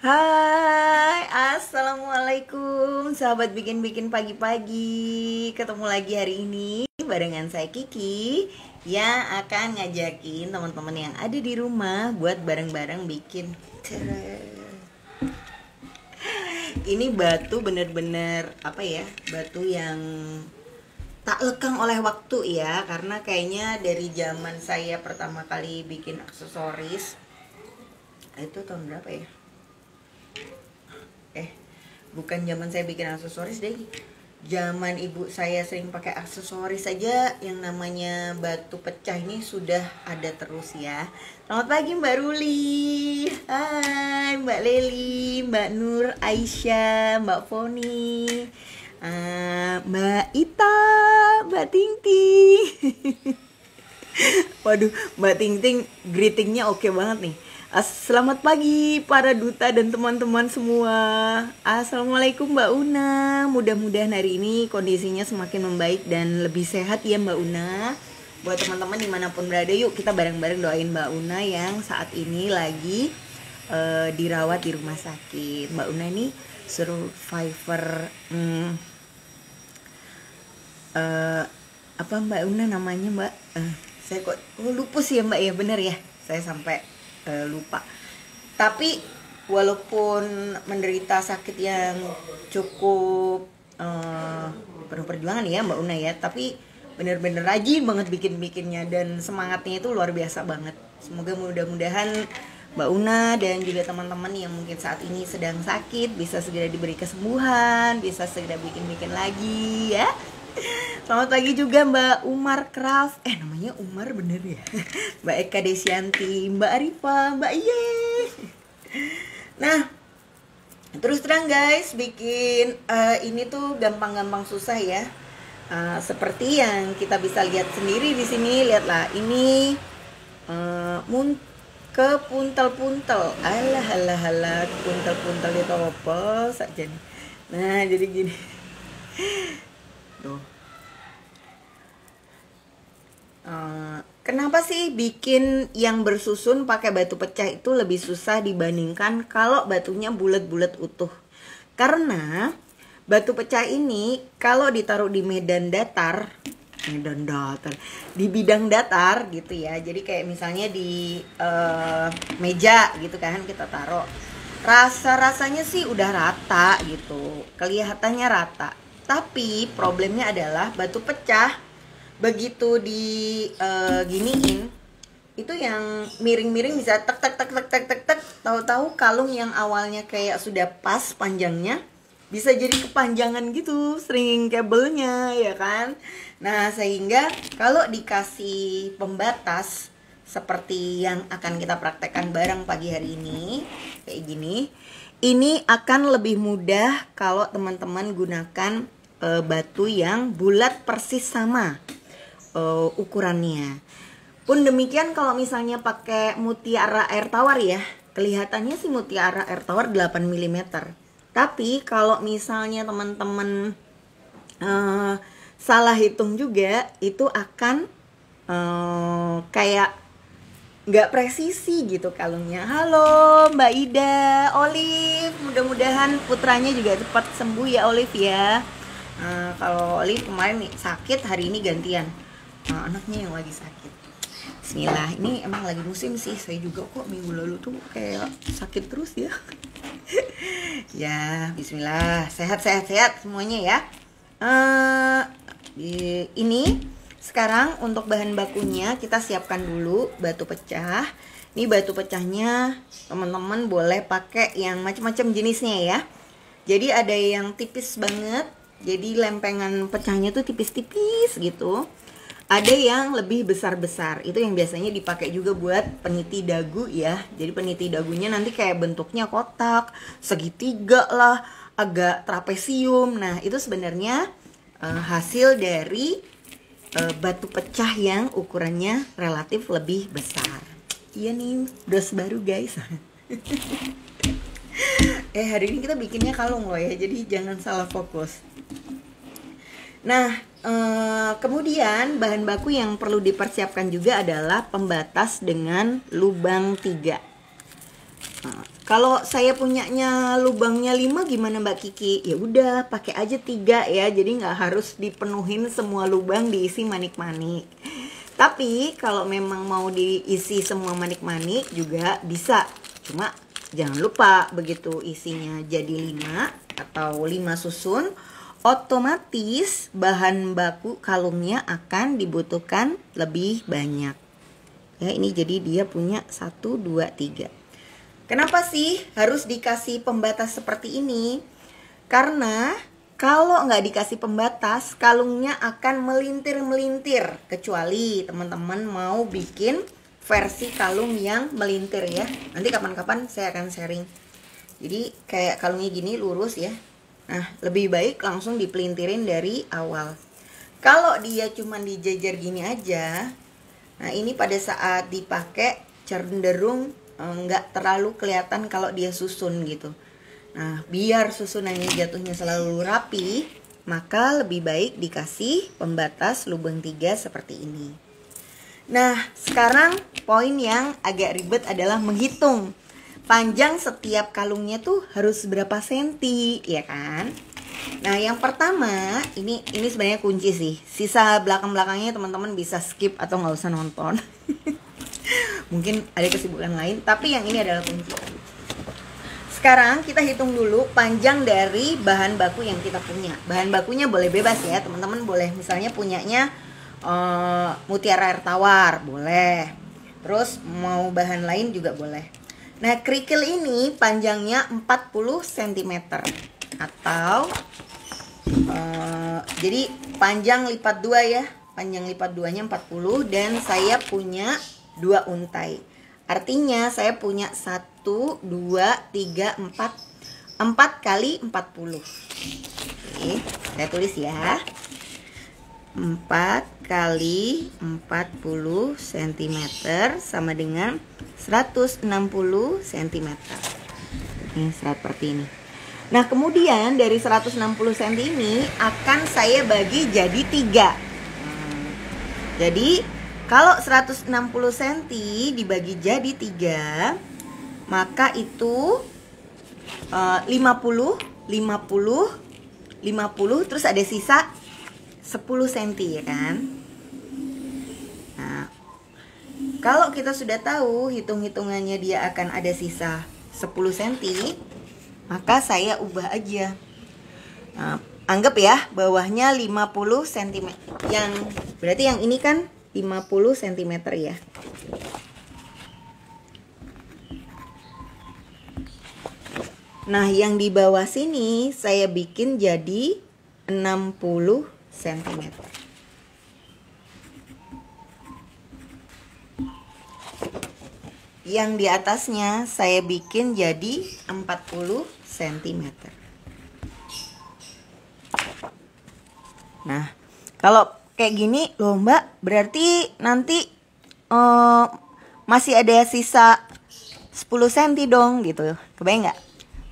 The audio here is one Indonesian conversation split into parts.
Hai, Assalamualaikum Sahabat bikin-bikin pagi-pagi Ketemu lagi hari ini Barengan saya Kiki Yang akan ngajakin teman-teman yang ada di rumah Buat bareng-bareng bikin Ini batu bener-bener Apa ya, batu yang tak lekang oleh waktu ya Karena kayaknya dari zaman saya pertama kali bikin aksesoris Itu tahun berapa ya eh bukan zaman saya bikin aksesoris deh zaman ibu saya sering pakai aksesoris saja yang namanya batu pecah ini sudah ada terus ya selamat pagi mbak Ruli hai mbak Leli mbak Nur Aisyah mbak Foni uh, mbak Ita mbak Ting waduh mbak Tingting greetingnya oke okay banget nih Selamat pagi para duta dan teman-teman semua. Assalamualaikum Mbak Una. Mudah-mudahan hari ini kondisinya semakin membaik dan lebih sehat ya Mbak Una. Buat teman-teman dimanapun berada, yuk kita bareng-bareng doain Mbak Una yang saat ini lagi uh, dirawat di rumah sakit. Mbak Una ini survivor. Hmm, uh, apa Mbak Una namanya Mbak? Uh, saya kok oh, lupus ya Mbak ya bener ya. Saya sampai uh, lupa tapi walaupun menderita sakit yang cukup uh, penuh perjuangan ya Mbak Una ya tapi bener-bener rajin banget bikin-bikinnya dan semangatnya itu luar biasa banget semoga mudah-mudahan Mbak Una dan juga teman-teman yang mungkin saat ini sedang sakit bisa segera diberi kesembuhan bisa segera bikin-bikin lagi ya Selamat pagi juga Mbak Umar Craft. Eh namanya Umar bener ya. Mbak Eka Desianti, Mbak Arifa, Mbak Iye. Nah, terus terang guys, bikin uh, ini tuh gampang-gampang susah ya. Uh, seperti yang kita bisa lihat sendiri di sini, lihatlah ini uh, mun ke puntel-puntel. Alah alah alah puntel-puntel itu apa Nah, jadi gini gitu uh, kenapa sih bikin yang bersusun pakai batu pecah itu lebih susah dibandingkan kalau batunya bulat-bulat utuh karena batu pecah ini kalau ditaruh di medan datar medan datar di bidang datar gitu ya jadi kayak misalnya di uh, meja gitu kan kita taruh rasa rasanya sih udah rata gitu kelihatannya rata tapi problemnya adalah batu pecah begitu di uh, giniin itu yang miring-miring bisa tek tek tek tek tek tek tek tahu-tahu kalung yang awalnya kayak sudah pas panjangnya bisa jadi kepanjangan gitu stringing kabelnya ya kan nah sehingga kalau dikasih pembatas seperti yang akan kita praktekkan bareng pagi hari ini kayak gini ini akan lebih mudah kalau teman-teman gunakan e, batu yang bulat persis sama e, ukurannya. Pun demikian kalau misalnya pakai mutiara air tawar ya, kelihatannya sih mutiara air tawar 8 mm. Tapi kalau misalnya teman-teman e, salah hitung juga, itu akan e, kayak nggak presisi gitu kalungnya. Halo Mbak Ida, Olive, mudah-mudahan putranya juga cepat sembuh ya Olive ya. Eh, kalau Olive kemarin nih, sakit hari ini gantian nah, anaknya yang lagi sakit Bismillah ini emang lagi musim sih saya juga kok minggu lalu tuh kayak sakit terus ya ya Bismillah sehat sehat sehat semuanya ya uh, ini sekarang untuk bahan bakunya kita siapkan dulu batu pecah ini batu pecahnya teman-teman boleh pakai yang macam-macam jenisnya ya jadi ada yang tipis banget jadi lempengan pecahnya tuh tipis-tipis gitu. Ada yang lebih besar-besar. Itu yang biasanya dipakai juga buat peniti dagu ya. Jadi peniti dagunya nanti kayak bentuknya kotak, segitiga lah, agak trapesium. Nah, itu sebenarnya uh, hasil dari uh, batu pecah yang ukurannya relatif lebih besar. Iya nih, dos baru guys. eh hari ini kita bikinnya kalung loh ya jadi jangan salah fokus Nah, eh, kemudian bahan baku yang perlu dipersiapkan juga adalah pembatas dengan lubang tiga. Nah, kalau saya punyanya lubangnya 5 gimana Mbak Kiki? Ya udah, pakai aja tiga ya. Jadi nggak harus dipenuhin semua lubang diisi manik-manik. Tapi kalau memang mau diisi semua manik-manik juga bisa. Cuma jangan lupa begitu isinya jadi 5 atau 5 susun otomatis bahan baku kalungnya akan dibutuhkan lebih banyak. Ya, ini jadi dia punya 1 2 3. Kenapa sih harus dikasih pembatas seperti ini? Karena kalau nggak dikasih pembatas, kalungnya akan melintir-melintir. Kecuali teman-teman mau bikin versi kalung yang melintir ya. Nanti kapan-kapan saya akan sharing. Jadi kayak kalungnya gini lurus ya, Nah, lebih baik langsung dipelintirin dari awal. Kalau dia cuma dijejer gini aja, nah ini pada saat dipakai cenderung eh, nggak terlalu kelihatan kalau dia susun gitu. Nah, biar susunannya jatuhnya selalu rapi, maka lebih baik dikasih pembatas lubang tiga seperti ini. Nah, sekarang poin yang agak ribet adalah menghitung panjang setiap kalungnya tuh harus berapa senti, ya kan? Nah, yang pertama, ini ini sebenarnya kunci sih. Sisa belakang-belakangnya teman-teman bisa skip atau nggak usah nonton. Mungkin ada kesibukan lain, tapi yang ini adalah kunci. Sekarang kita hitung dulu panjang dari bahan baku yang kita punya. Bahan bakunya boleh bebas ya, teman-teman boleh misalnya punyanya uh, mutiara air tawar, boleh. Terus mau bahan lain juga boleh Nah, kerikil ini panjangnya 40 cm atau uh, jadi panjang lipat 2 ya. Panjang lipat 2-nya 40 dan saya punya 2 untai. Artinya saya punya 1 2 3 4 4 kali 40. Oke, saya tulis ya. 4 kali 40 cm sama dengan 160 cm ini serat seperti ini Nah kemudian dari 160 cm ini akan saya bagi jadi tiga. Jadi kalau 160 cm dibagi jadi tiga, maka itu uh, 50, 50, 50 terus ada sisa 10 cm ya kan nah kalau kita sudah tahu hitung-hitungannya dia akan ada sisa 10 cm maka saya ubah aja nah, anggap ya bawahnya 50 cm yang berarti yang ini kan 50 cm ya Nah, yang di bawah sini saya bikin jadi 60 cm. Yang di atasnya saya bikin jadi 40 cm. Nah, kalau kayak gini loh mbak, berarti nanti uh, masih ada sisa 10 cm dong gitu. Kebayang nggak?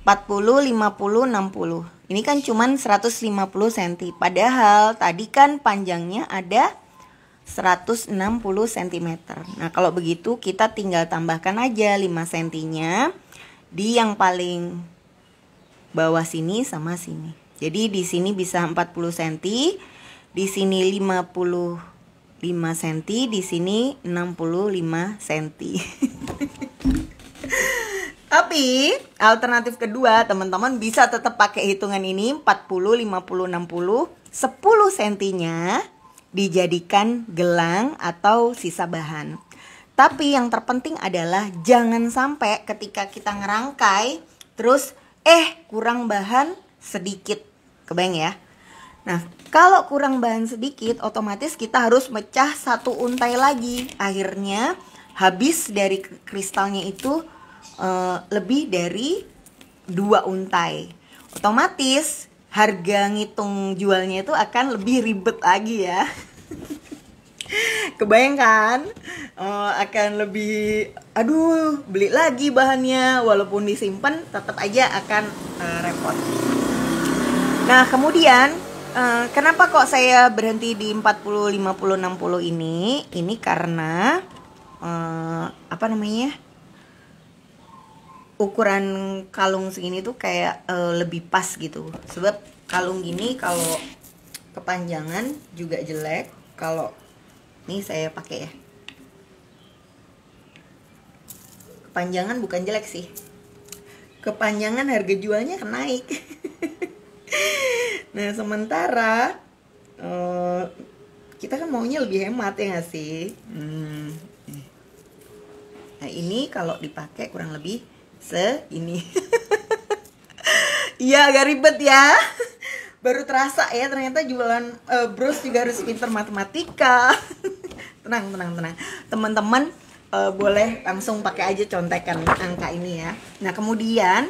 40, 50, 60. Ini kan cuman 150 cm. Padahal tadi kan panjangnya ada 160 cm. Nah, kalau begitu kita tinggal tambahkan aja 5 cm nya di yang paling bawah sini sama sini. Jadi di sini bisa 40 cm, di sini 55 cm, di sini 65 cm. Tapi alternatif kedua teman-teman bisa tetap pakai hitungan ini 40, 50, 60, 10 sentinya dijadikan gelang atau sisa bahan. Tapi yang terpenting adalah jangan sampai ketika kita ngerangkai terus eh kurang bahan sedikit. Kebayang ya? Nah, kalau kurang bahan sedikit otomatis kita harus mecah satu untai lagi. Akhirnya habis dari kristalnya itu Eh, lebih dari dua untai. Otomatis harga ngitung jualnya itu akan lebih ribet lagi ya. Kebayangkan uh, eh, akan lebih aduh beli lagi bahannya walaupun disimpan tetap aja akan uh, repot. Nah, kemudian uh, kenapa kok saya berhenti di 40 50 60 ini? Ini karena uh, apa namanya? ukuran kalung segini tuh kayak e, lebih pas gitu sebab kalung gini kalau kepanjangan juga jelek kalau ini saya pakai ya kepanjangan bukan jelek sih kepanjangan harga jualnya naik nah sementara e, kita kan maunya lebih hemat ya nggak sih hmm. Eh. nah ini kalau dipakai kurang lebih se ini. Iya agak ribet ya. Baru terasa ya ternyata jualan uh, bros juga harus pinter matematika. tenang tenang tenang. Teman-teman uh, boleh langsung pakai aja contekan angka ini ya. Nah kemudian,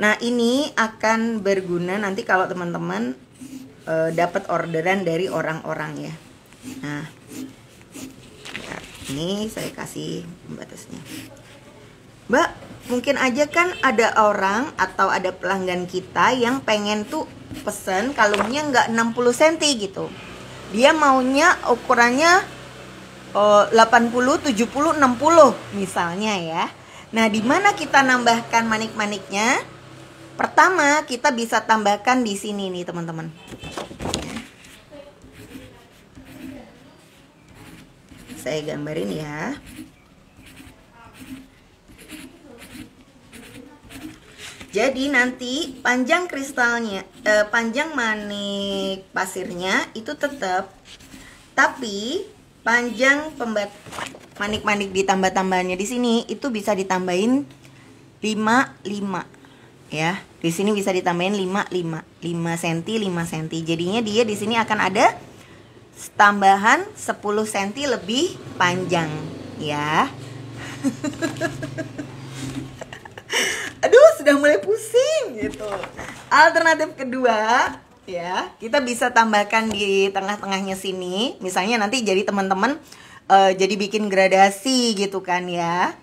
nah ini akan berguna nanti kalau teman-teman uh, dapat orderan dari orang-orang ya. Nah ini saya kasih batasnya. Mbak, mungkin aja kan ada orang atau ada pelanggan kita yang pengen tuh pesen kalungnya nggak 60 cm gitu. Dia maunya ukurannya oh, 80, 70, 60 misalnya ya. Nah, di mana kita nambahkan manik-maniknya? Pertama, kita bisa tambahkan di sini nih, teman-teman. Saya gambarin ya. Jadi nanti panjang kristalnya, eh, panjang manik pasirnya itu tetap, tapi panjang pembat manik-manik ditambah-tambahannya di sini itu bisa ditambahin 5 5 ya. Di sini bisa ditambahin 5 5 5 cm 5 cm. Jadinya dia di sini akan ada tambahan 10 cm lebih panjang ya. aduh sudah mulai pusing gitu alternatif kedua ya kita bisa tambahkan di tengah-tengahnya sini misalnya nanti jadi teman-teman uh, jadi bikin gradasi gitu kan ya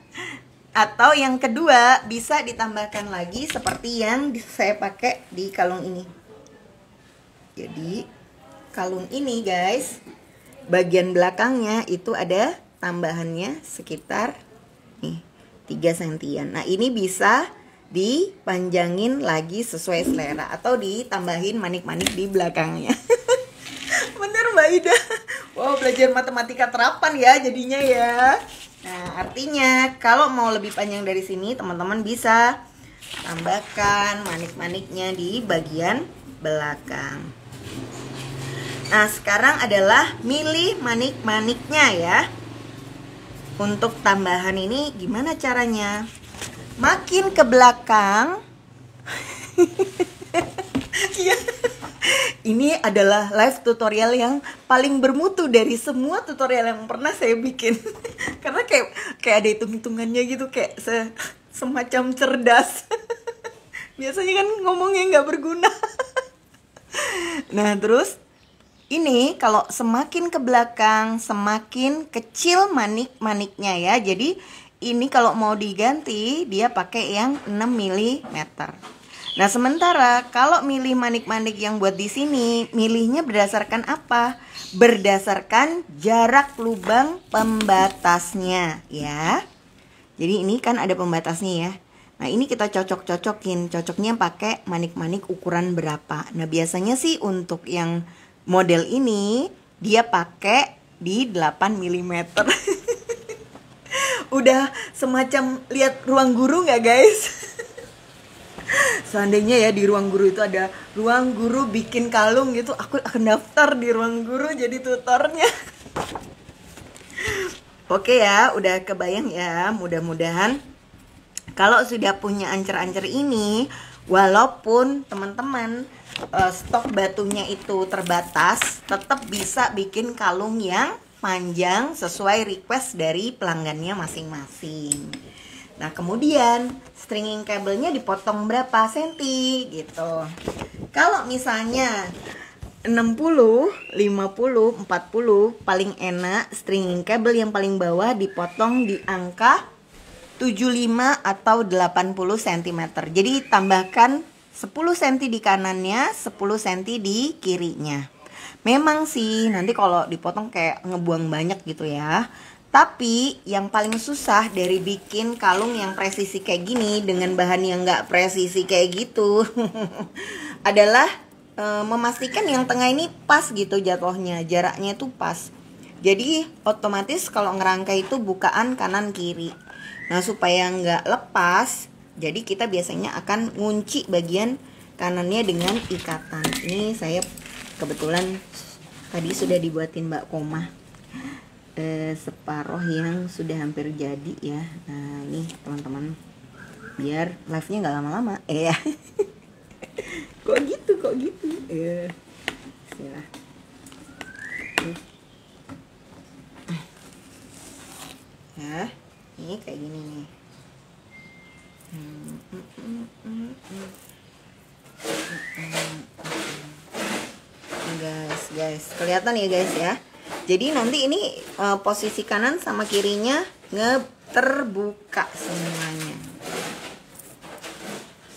atau yang kedua bisa ditambahkan lagi seperti yang saya pakai di kalung ini jadi kalung ini guys bagian belakangnya itu ada tambahannya sekitar nih 3 sentian nah ini bisa dipanjangin lagi sesuai selera atau ditambahin manik-manik di belakangnya. Bener Mbak Ida. Wow, belajar matematika terapan ya jadinya ya. Nah, artinya kalau mau lebih panjang dari sini, teman-teman bisa tambahkan manik-maniknya di bagian belakang. Nah, sekarang adalah milih manik-maniknya ya. Untuk tambahan ini gimana caranya? makin ke belakang iya. ini adalah live tutorial yang paling bermutu dari semua tutorial yang pernah saya bikin karena kayak kayak ada hitung-hitungannya gitu kayak se semacam cerdas biasanya kan ngomongnya nggak berguna nah terus ini kalau semakin ke belakang semakin kecil manik-maniknya ya jadi ini kalau mau diganti dia pakai yang 6 mm. Nah, sementara kalau milih manik-manik yang buat di sini, milihnya berdasarkan apa? Berdasarkan jarak lubang pembatasnya, ya. Jadi ini kan ada pembatasnya ya. Nah, ini kita cocok-cocokin. Cocoknya pakai manik-manik ukuran berapa. Nah, biasanya sih untuk yang model ini dia pakai di 8 mm. udah semacam lihat ruang guru nggak guys seandainya ya di ruang guru itu ada ruang guru bikin kalung gitu aku akan daftar di ruang guru jadi tutornya oke ya udah kebayang ya mudah-mudahan kalau sudah punya ancer-ancer ini walaupun teman-teman uh, stok batunya itu terbatas tetap bisa bikin kalung yang panjang sesuai request dari pelanggannya masing-masing. Nah, kemudian stringing kabelnya dipotong berapa senti gitu. Kalau misalnya 60, 50, 40 paling enak stringing kabel yang paling bawah dipotong di angka 75 atau 80 cm. Jadi tambahkan 10 cm di kanannya, 10 cm di kirinya. Memang sih nanti kalau dipotong kayak ngebuang banyak gitu ya. Tapi yang paling susah dari bikin kalung yang presisi kayak gini dengan bahan yang gak presisi kayak gitu adalah e, memastikan yang tengah ini pas gitu jatuhnya, jaraknya itu pas. Jadi otomatis kalau ngerangkai itu bukaan kanan kiri. Nah supaya nggak lepas, jadi kita biasanya akan ngunci bagian kanannya dengan ikatan. Ini saya kebetulan tadi sudah dibuatin Mbak Koma eh, separoh yang sudah hampir jadi ya nah ini teman-teman biar live nya nggak lama-lama eh ya. kok gitu kok gitu iya. eh ya ini kayak gini nih hmm, mm, mm, mm, mm. Mm, mm, mm, guys guys kelihatan ya guys ya jadi nanti ini uh, posisi kanan sama kirinya nge terbuka semuanya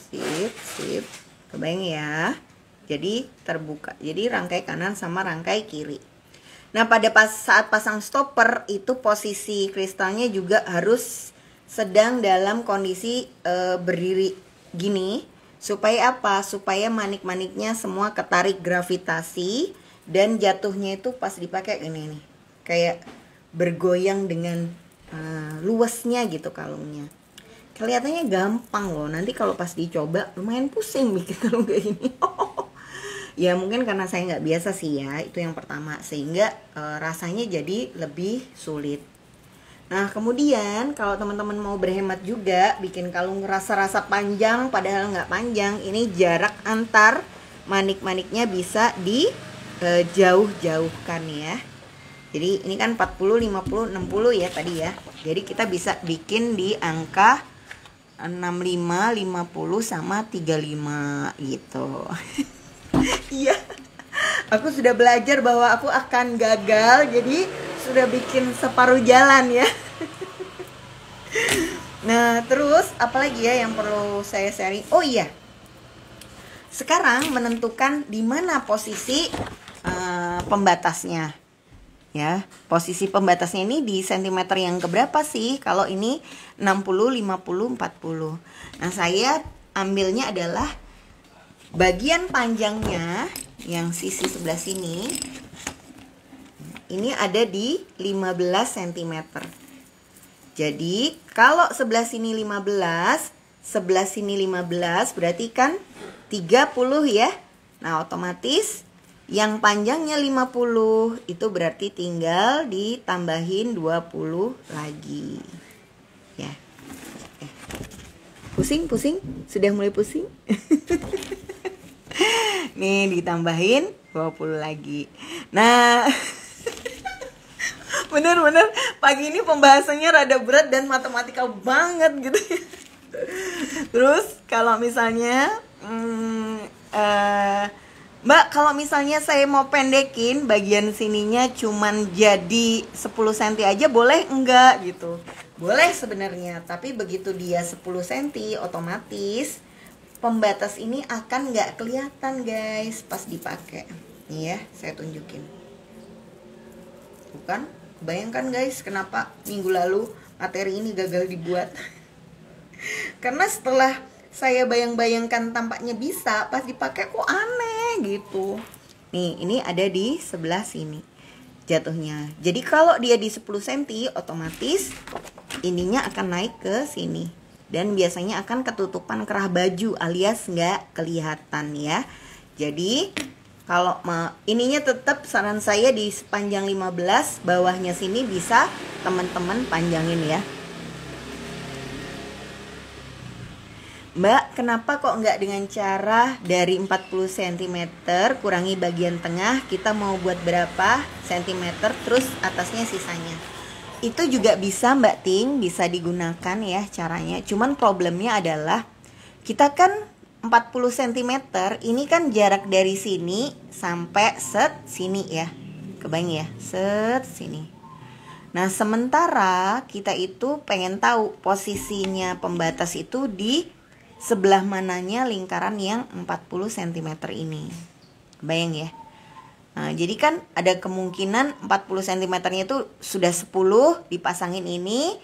sip sip kebayang ya jadi terbuka jadi rangkai kanan sama rangkai kiri nah pada pas saat pasang stopper itu posisi kristalnya juga harus sedang dalam kondisi uh, berdiri gini Supaya apa? Supaya manik-maniknya semua ketarik gravitasi dan jatuhnya itu pas dipakai ini nih. Kayak bergoyang dengan uh, luasnya gitu kalungnya. Kelihatannya gampang loh. Nanti kalau pas dicoba lumayan pusing bikin kalung kayak gini. ya mungkin karena saya nggak biasa sih ya. Itu yang pertama sehingga uh, rasanya jadi lebih sulit. Nah, kemudian kalau teman-teman mau berhemat juga, bikin kalung rasa-rasa panjang padahal nggak panjang, ini jarak antar manik-maniknya bisa di eh, jauh jauhkan ya. Jadi ini kan 40, 50, 60 ya tadi ya. Jadi kita bisa bikin di angka 65, 50 sama 35 gitu. Iya. aku sudah belajar bahwa aku akan gagal, jadi sudah bikin separuh jalan ya nah terus apalagi ya yang perlu saya sharing oh iya sekarang menentukan di mana posisi uh, pembatasnya ya posisi pembatasnya ini di sentimeter yang keberapa sih kalau ini 60 50 40 nah saya ambilnya adalah bagian panjangnya yang sisi sebelah sini ini ada di 15 cm. Jadi, kalau sebelah sini 15, sebelah sini 15, berarti kan 30 ya. Nah, otomatis yang panjangnya 50 itu berarti tinggal ditambahin 20 lagi. Ya. Eh. Pusing, pusing. Sudah mulai pusing? Nih ditambahin 20 lagi. Nah, bener-bener pagi ini pembahasannya rada berat dan matematika banget gitu ya. Terus kalau misalnya hmm, uh, Mbak kalau misalnya saya mau pendekin bagian sininya cuman jadi 10 cm aja boleh enggak gitu Boleh sebenarnya tapi begitu dia 10 cm otomatis pembatas ini akan nggak kelihatan guys pas dipakai Nih ya saya tunjukin bukan bayangkan guys kenapa minggu lalu materi ini gagal dibuat karena setelah saya bayang-bayangkan tampaknya bisa pas dipakai kok aneh gitu nih ini ada di sebelah sini jatuhnya jadi kalau dia di 10 cm otomatis ininya akan naik ke sini dan biasanya akan ketutupan kerah baju alias nggak kelihatan ya jadi kalau ma ininya tetap saran saya di sepanjang 15 bawahnya sini bisa teman-teman panjangin ya Mbak, kenapa kok nggak dengan cara dari 40 cm kurangi bagian tengah kita mau buat berapa cm terus atasnya sisanya? Itu juga bisa Mbak Ting, bisa digunakan ya caranya. Cuman problemnya adalah kita kan 40 cm ini kan jarak dari sini sampai set sini ya. Kebayang ya, set sini. Nah, sementara kita itu pengen tahu posisinya pembatas itu di sebelah mananya lingkaran yang 40 cm ini. bayang ya. Nah, jadi kan ada kemungkinan 40 cm-nya itu sudah 10 dipasangin ini,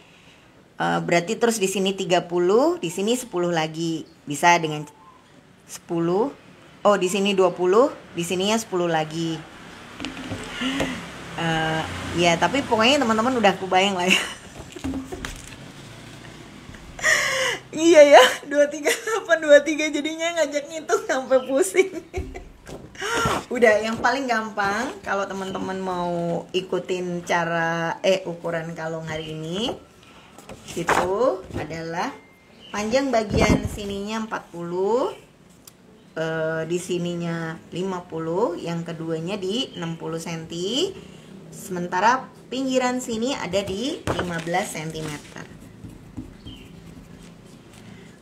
eh, berarti terus di sini 30, di sini 10 lagi. Bisa dengan 10. Oh, di sini 20, di sininya 10 lagi. Uh, ya, tapi pokoknya teman-teman udah kebayang lah ya. iya ya, 238 23 jadinya ngajak ngitung sampai pusing. udah yang paling gampang kalau teman-teman mau ikutin cara eh ukuran kalung hari ini itu adalah panjang bagian sininya 40 eh, di sininya 50, yang keduanya di 60 cm. Sementara pinggiran sini ada di 15 cm.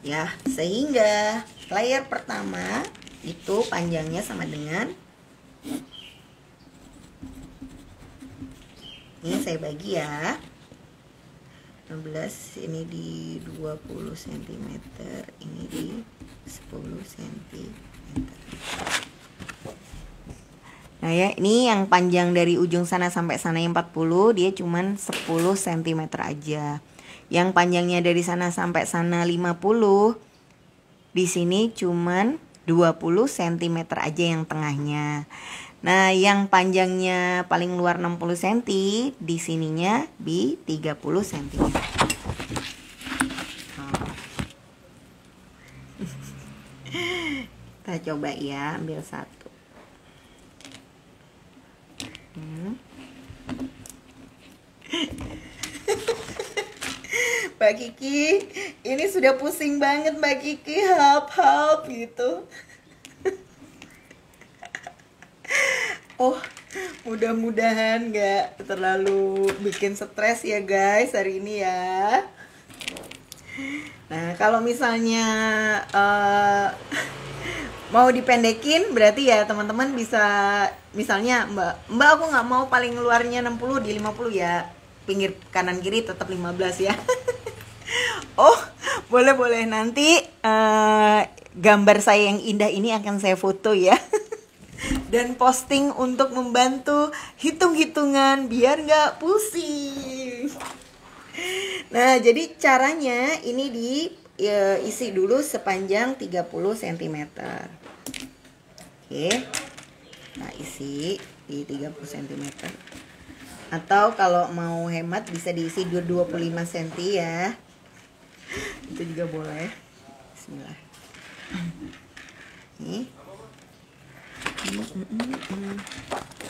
Ya, sehingga layer pertama itu panjangnya sama dengan ini saya bagi ya 16 ini di 20 cm ini di 10 cm Nah ya, ini yang panjang dari ujung sana sampai sana yang 40, dia cuman 10 cm aja. Yang panjangnya dari sana sampai sana 50, di sini cuman 20 cm aja yang tengahnya. Nah, yang panjangnya paling luar 60 cm, di sininya di 30 cm. kita coba ya ambil satu hmm. Mbak Kiki, ini sudah pusing banget Mbak Kiki, help help gitu. oh, mudah-mudahan nggak terlalu bikin stres ya guys hari ini ya. Nah, kalau misalnya uh, mau dipendekin berarti ya teman-teman bisa misalnya mbak mbak aku nggak mau paling luarnya 60 di 50 ya pinggir kanan kiri tetap 15 ya oh boleh boleh nanti uh, gambar saya yang indah ini akan saya foto ya dan posting untuk membantu hitung-hitungan biar nggak pusing nah jadi caranya ini di e, isi dulu sepanjang 30 cm oke nah isi di 30 cm atau kalau mau hemat bisa diisi 25 cm ya itu juga boleh bismillah nih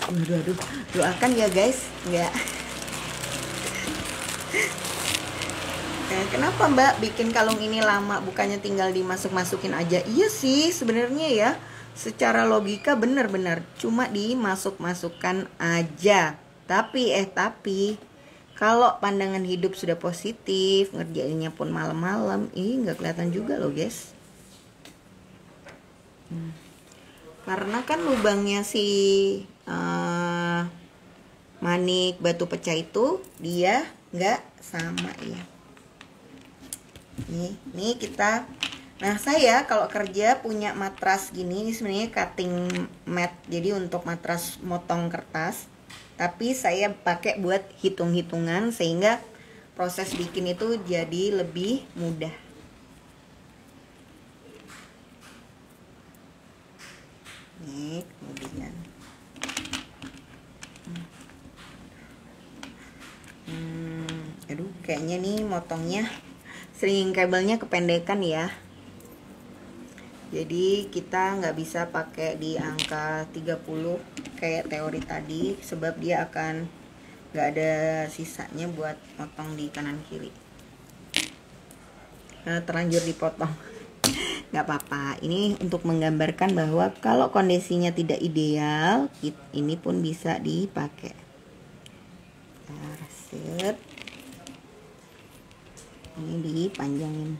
aduh aduh doakan ya guys enggak kenapa mbak bikin kalung ini lama bukannya tinggal dimasuk-masukin aja iya sih sebenarnya ya secara logika benar-benar cuma dimasuk-masukkan aja tapi eh tapi kalau pandangan hidup sudah positif ngerjainnya pun malam-malam ih nggak kelihatan juga loh guys hmm. karena kan lubangnya si uh, manik batu pecah itu dia nggak sama ya Nih, nih kita Nah, saya kalau kerja punya matras gini, ini sebenarnya cutting mat. Jadi untuk matras motong kertas, tapi saya pakai buat hitung-hitungan sehingga proses bikin itu jadi lebih mudah. Nih, kemudian Hmm, hmm aduh, kayaknya nih motongnya sering kabelnya kependekan ya jadi kita nggak bisa pakai di angka 30 kayak teori tadi sebab dia akan nggak ada sisanya buat potong di kanan kiri nah, terlanjur dipotong nggak apa-apa ini untuk menggambarkan bahwa kalau kondisinya tidak ideal ini pun bisa dipakai nah, set ini dipanjangin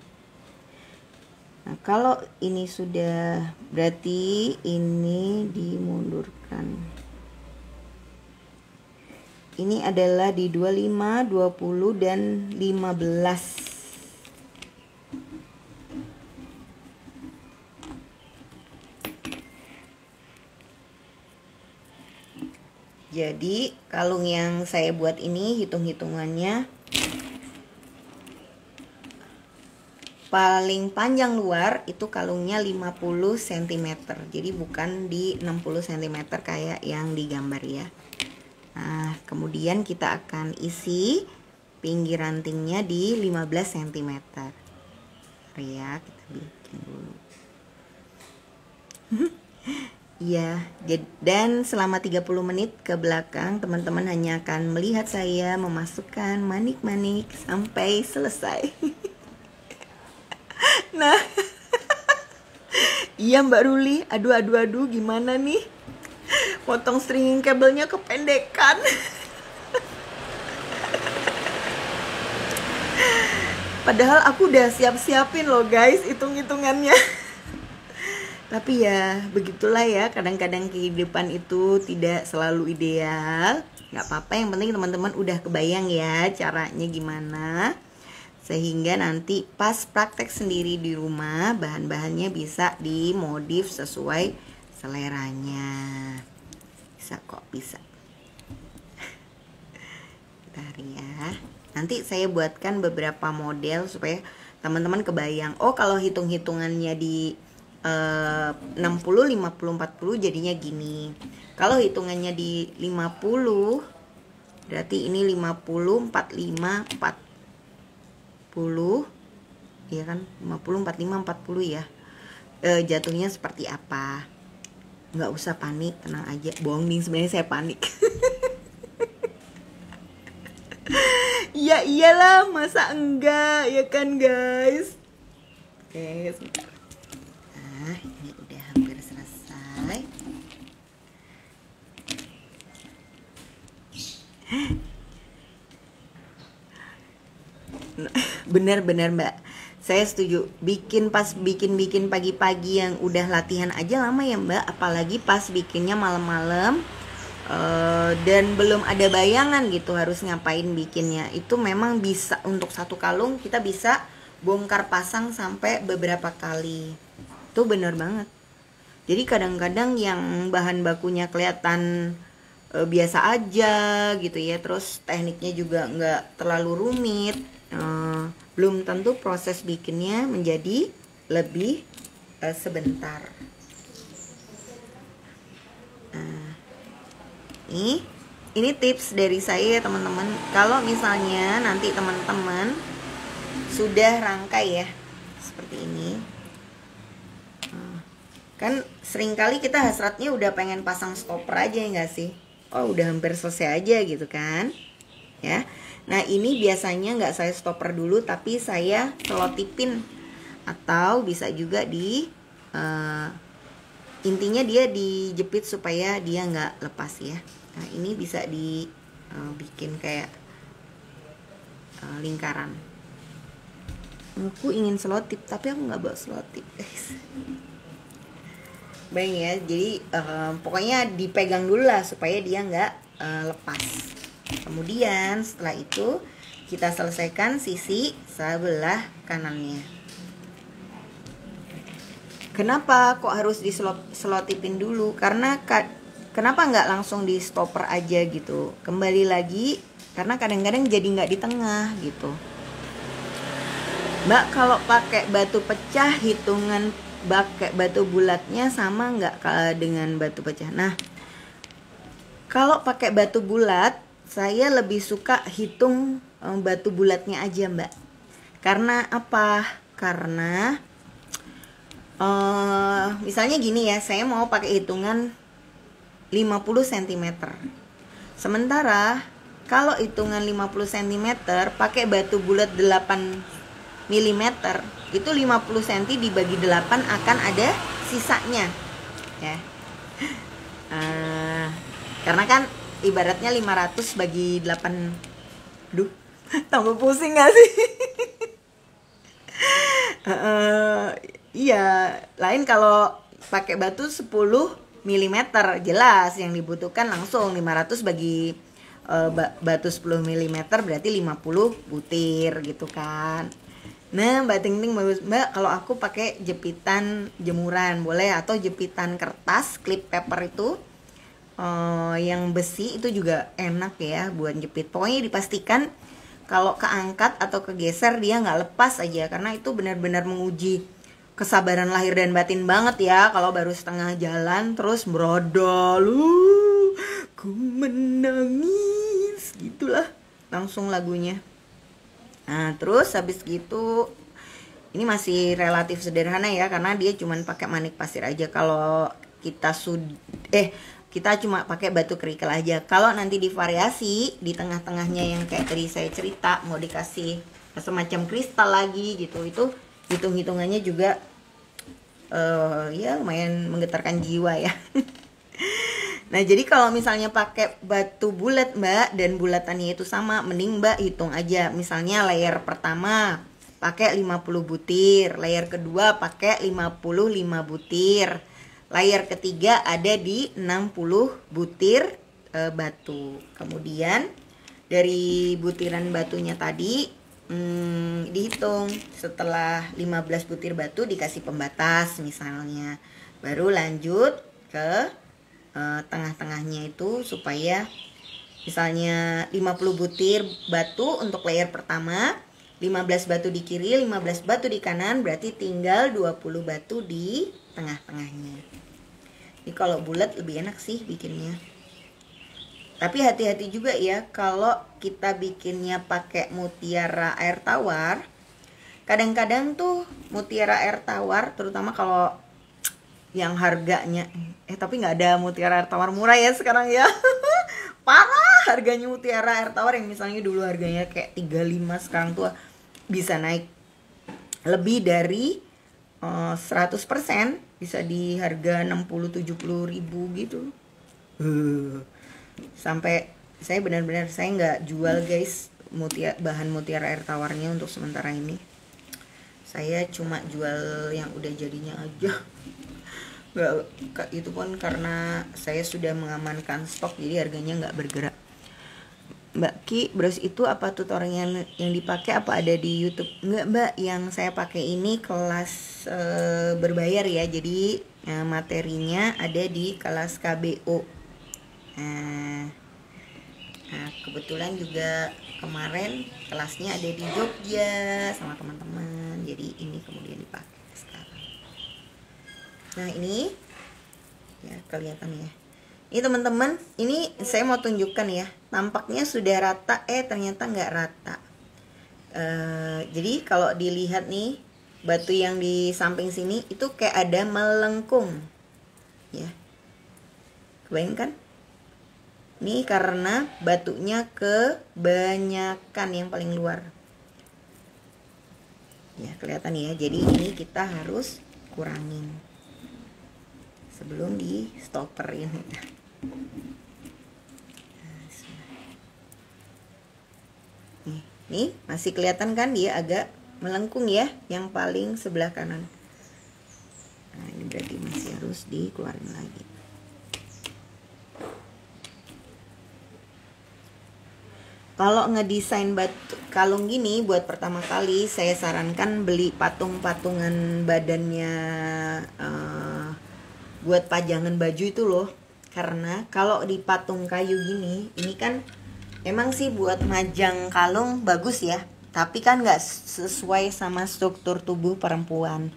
nah kalau ini sudah berarti ini dimundurkan ini adalah di 25, 20 dan 15 Jadi kalung yang saya buat ini hitung-hitungannya paling panjang luar itu kalungnya 50 cm jadi bukan di 60 cm kayak yang digambar ya nah kemudian kita akan isi pinggir rantingnya di 15 cm ya kita bikin dulu ya dan selama 30 menit ke belakang teman-teman hanya akan melihat saya memasukkan manik-manik sampai selesai. nah iya Mbak Ruli aduh aduh aduh gimana nih potong stringing kabelnya kependekan padahal aku udah siap-siapin loh guys hitung-hitungannya tapi ya begitulah ya kadang-kadang kehidupan itu tidak selalu ideal nggak apa-apa yang penting teman-teman udah kebayang ya caranya gimana sehingga nanti pas praktek sendiri di rumah bahan-bahannya bisa dimodif sesuai seleranya bisa kok bisa bentar ya nanti saya buatkan beberapa model supaya teman-teman kebayang oh kalau hitung-hitungannya di eh, 60 50 40 jadinya gini kalau hitungannya di 50 berarti ini 50 45 40 ya kan 50 45 40 ya e, jatuhnya seperti apa nggak usah panik tenang aja bohong nih sebenarnya saya panik ya iyalah masa enggak ya kan guys oke nah ini udah hampir selesai bener-bener mbak saya setuju bikin pas bikin bikin pagi-pagi yang udah latihan aja lama ya mbak apalagi pas bikinnya malam-malam uh, dan belum ada bayangan gitu harus ngapain bikinnya itu memang bisa untuk satu kalung kita bisa bongkar pasang sampai beberapa kali itu bener banget jadi kadang-kadang yang bahan bakunya kelihatan uh, biasa aja gitu ya terus tekniknya juga nggak terlalu rumit Eh, belum tentu proses bikinnya menjadi lebih uh, sebentar. Uh, ini ini tips dari saya teman-teman. Kalau misalnya nanti teman-teman sudah rangkai ya seperti ini. Uh, kan seringkali kita hasratnya udah pengen pasang stopper aja ya nggak sih? Oh udah hampir selesai aja gitu kan? Ya. Nah ini biasanya nggak saya stopper dulu tapi saya selotipin atau bisa juga di uh, intinya dia dijepit supaya dia nggak lepas ya. Nah ini bisa dibikin eh, uh, kayak uh, lingkaran. Aku ingin selotip tapi aku nggak bawa selotip bang ya, jadi uh, pokoknya dipegang dulu lah supaya dia nggak uh, lepas. Kemudian setelah itu kita selesaikan sisi sebelah kanannya. Kenapa kok harus diselotipin dulu? Karena kenapa nggak langsung di stopper aja gitu? Kembali lagi karena kadang-kadang jadi nggak di tengah gitu. Mbak kalau pakai batu pecah hitungan pakai batu bulatnya sama nggak dengan batu pecah? Nah, kalau pakai batu bulat saya lebih suka hitung eh, batu bulatnya aja, Mbak. Karena apa? Karena uh, misalnya gini ya, saya mau pakai hitungan 50 cm. Sementara kalau hitungan 50 cm pakai batu bulat 8 mm, itu 50 cm dibagi 8 akan ada sisanya. Ya. Uh, karena kan ibaratnya 500 bagi 8 Duh, tambah pusing gak sih? uh, iya, lain kalau pakai batu 10 mm jelas yang dibutuhkan langsung 500 bagi uh, batu 10 mm berarti 50 butir gitu kan. Nah, Mbak Ting Ting bagus. Mbak, kalau aku pakai jepitan jemuran boleh atau jepitan kertas clip paper itu uh, yang besi itu juga enak ya buat jepit pokoknya dipastikan kalau keangkat atau kegeser dia nggak lepas aja karena itu benar-benar menguji kesabaran lahir dan batin banget ya kalau baru setengah jalan terus brodol lu uh, ku menangis gitulah langsung lagunya nah terus habis gitu ini masih relatif sederhana ya karena dia cuman pakai manik pasir aja kalau kita sud eh kita cuma pakai batu kerikil aja kalau nanti divariasi di tengah-tengahnya yang kayak tadi saya cerita mau dikasih semacam kristal lagi gitu itu hitung-hitungannya juga uh, ya lumayan menggetarkan jiwa ya Nah jadi kalau misalnya pakai batu bulat mbak dan bulatannya itu sama Mending mbak hitung aja Misalnya layer pertama pakai 50 butir Layer kedua pakai 55 butir Layar ketiga ada di 60 butir e, batu. Kemudian dari butiran batunya tadi hmm, dihitung setelah 15 butir batu dikasih pembatas misalnya. Baru lanjut ke e, tengah-tengahnya itu supaya misalnya 50 butir batu untuk layer pertama 15 batu di kiri, 15 batu di kanan, berarti tinggal 20 batu di tengah-tengahnya Ini kalau bulat lebih enak sih bikinnya tapi hati-hati juga ya kalau kita bikinnya pakai mutiara air tawar kadang-kadang tuh mutiara air tawar terutama kalau yang harganya eh tapi nggak ada mutiara air tawar murah ya sekarang ya parah harganya mutiara air tawar yang misalnya dulu harganya kayak 35 sekarang tuh bisa naik lebih dari 100% eh, bisa di harga 60-70 ribu gitu uh, sampai saya benar-benar saya nggak jual guys mutia, bahan mutiara air tawarnya untuk sementara ini saya cuma jual yang udah jadinya aja nggak itu pun karena saya sudah mengamankan stok jadi harganya nggak bergerak Mbak Ki bros itu apa tutorialnya yang yang dipakai apa ada di YouTube Enggak Mbak yang saya pakai ini kelas e, berbayar ya jadi e, materinya ada di kelas KBO nah, nah kebetulan juga kemarin kelasnya ada di Jogja sama teman-teman jadi ini kemudian dipakai sekarang nah ini ya kelihatan ya ini teman-teman ini saya mau tunjukkan ya Tampaknya sudah rata eh ternyata nggak rata e, jadi kalau dilihat nih batu yang di samping sini itu kayak ada melengkung ya kebayangkan ini karena batunya kebanyakan yang paling luar ya kelihatan ya jadi ini kita harus kurangin sebelum di stopperin nih, nih masih kelihatan kan dia agak melengkung ya yang paling sebelah kanan nah ini berarti masih harus dikeluarin lagi kalau ngedesain batu kalung gini buat pertama kali saya sarankan beli patung-patungan badannya uh, buat pajangan baju itu loh karena kalau di patung kayu gini ini kan emang sih buat majang kalung bagus ya tapi kan nggak sesuai sama struktur tubuh perempuan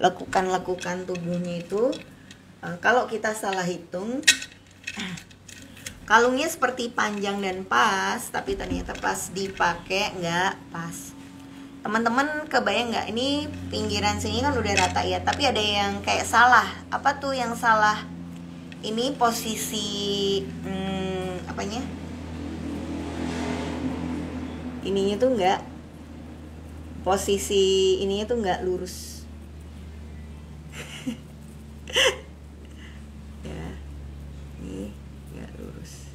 lekukan-lekukan tubuhnya itu eh, kalau kita salah hitung kalungnya seperti panjang dan pas tapi ternyata pas dipakai nggak pas teman-teman kebayang nggak ini pinggiran sini kan udah rata ya tapi ada yang kayak salah apa tuh yang salah ini posisi hmm, apanya ininya tuh nggak posisi ininya tuh nggak lurus ya ini nggak lurus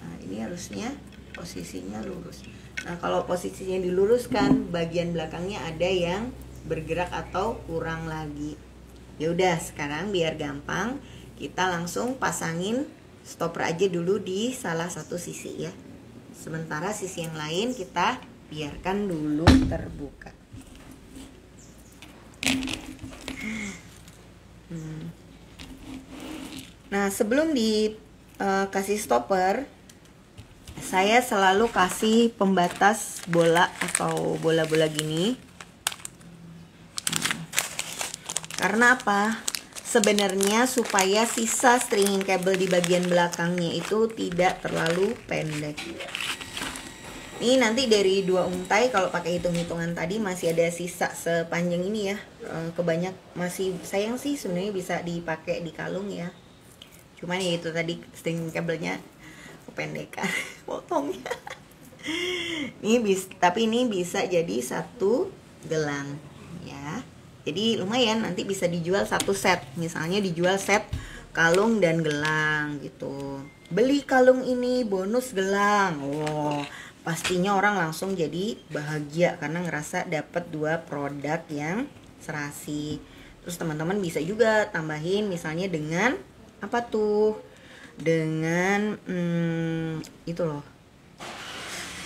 nah ini harusnya posisinya lurus Nah, kalau posisinya diluruskan, bagian belakangnya ada yang bergerak atau kurang lagi. Ya udah, sekarang biar gampang, kita langsung pasangin stopper aja dulu di salah satu sisi ya. Sementara sisi yang lain kita biarkan dulu terbuka. Hmm. Nah, sebelum dikasih eh, uh, stopper, saya selalu kasih pembatas bola atau bola-bola gini hmm. karena apa sebenarnya supaya sisa stringing kabel di bagian belakangnya itu tidak terlalu pendek ini nanti dari dua untai kalau pakai hitung-hitungan tadi masih ada sisa sepanjang ini ya eh, kebanyak masih sayang sih sebenarnya bisa dipakai di kalung ya cuman ya itu tadi stringing kabelnya kependekan potongnya ini bis tapi ini bisa jadi satu gelang ya jadi lumayan nanti bisa dijual satu set misalnya dijual set kalung dan gelang gitu beli kalung ini bonus gelang wow pastinya orang langsung jadi bahagia karena ngerasa dapat dua produk yang serasi terus teman-teman bisa juga tambahin misalnya dengan apa tuh dengan hmm, itu loh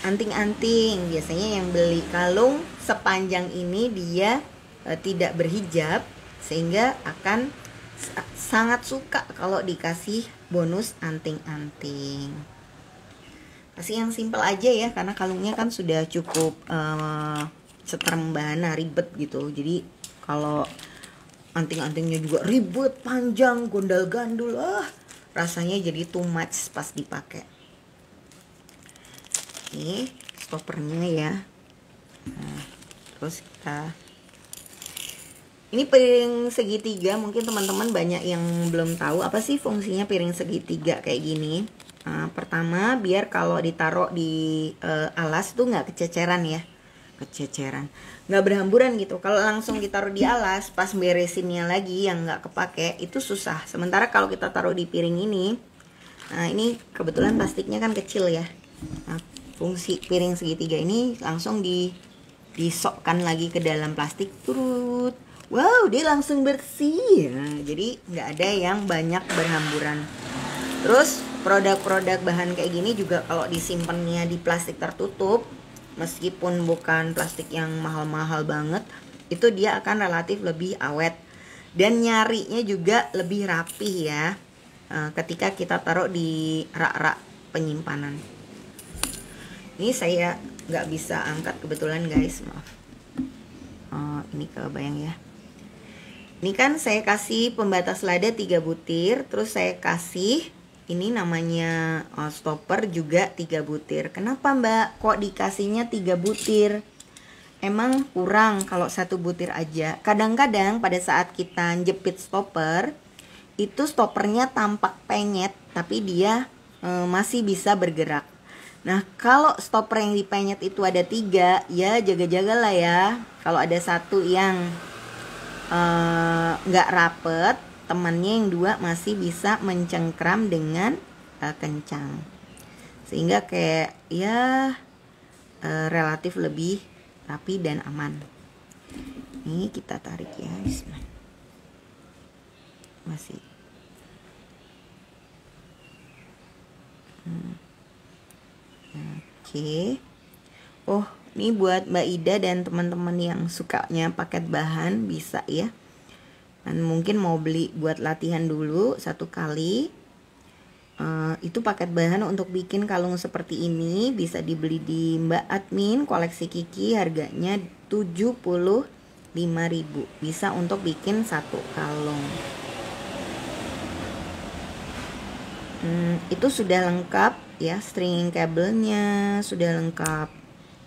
anting-anting biasanya yang beli kalung sepanjang ini dia e, tidak berhijab sehingga akan sangat suka kalau dikasih bonus anting-anting kasih yang simple aja ya karena kalungnya kan sudah cukup e, seterem bahana ribet gitu jadi kalau anting-antingnya juga ribet panjang gondal gandul ah rasanya jadi too much pas dipakai ini stoppernya ya nah, terus kita ini piring segitiga mungkin teman-teman banyak yang belum tahu apa sih fungsinya piring segitiga kayak gini nah, pertama biar kalau ditaruh di uh, alas tuh nggak kececeran ya kececeran nggak berhamburan gitu kalau langsung ditaruh di alas pas beresinnya lagi yang nggak kepake itu susah sementara kalau kita taruh di piring ini nah ini kebetulan plastiknya kan kecil ya nah, fungsi piring segitiga ini langsung di disokkan lagi ke dalam plastik turut wow dia langsung bersih nah, jadi nggak ada yang banyak berhamburan terus produk-produk bahan kayak gini juga kalau disimpannya di plastik tertutup meskipun bukan plastik yang mahal-mahal banget itu dia akan relatif lebih awet dan nyarinya juga lebih rapi ya eh, ketika kita taruh di rak-rak penyimpanan ini saya nggak bisa angkat kebetulan guys maaf oh, ini kebayang ya ini kan saya kasih pembatas lada 3 butir terus saya kasih ini namanya uh, stopper juga tiga butir kenapa mbak kok dikasihnya tiga butir emang kurang kalau satu butir aja kadang-kadang pada saat kita jepit stopper itu stoppernya tampak penyet tapi dia e, masih bisa bergerak nah kalau stopper yang dipenyet itu ada tiga ya jaga jaga lah ya kalau ada satu yang uh, nggak e, rapet temannya yang dua masih bisa mencengkram dengan uh, kencang sehingga kayak ya uh, relatif lebih rapi dan aman ini kita tarik ya Bismillah. masih hmm. oke okay. oh ini buat Mbak Ida dan teman-teman yang sukanya paket bahan bisa ya dan mungkin mau beli buat latihan dulu satu kali Uh, itu paket bahan untuk bikin kalung seperti ini bisa dibeli di Mbak Admin koleksi Kiki harganya 75.000 bisa untuk bikin satu kalung hmm, itu sudah lengkap ya string kabelnya sudah lengkap